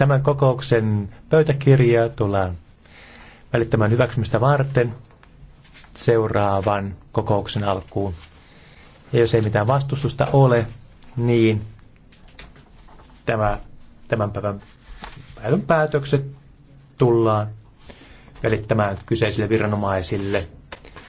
Tämän kokouksen pöytäkirjaa tullaan välittämään hyväksymistä varten seuraavan kokouksen alkuun. Ja jos ei mitään vastustusta ole, niin tämä, tämän päivän, päivän päätökset tullaan välittämään kyseisille viranomaisille –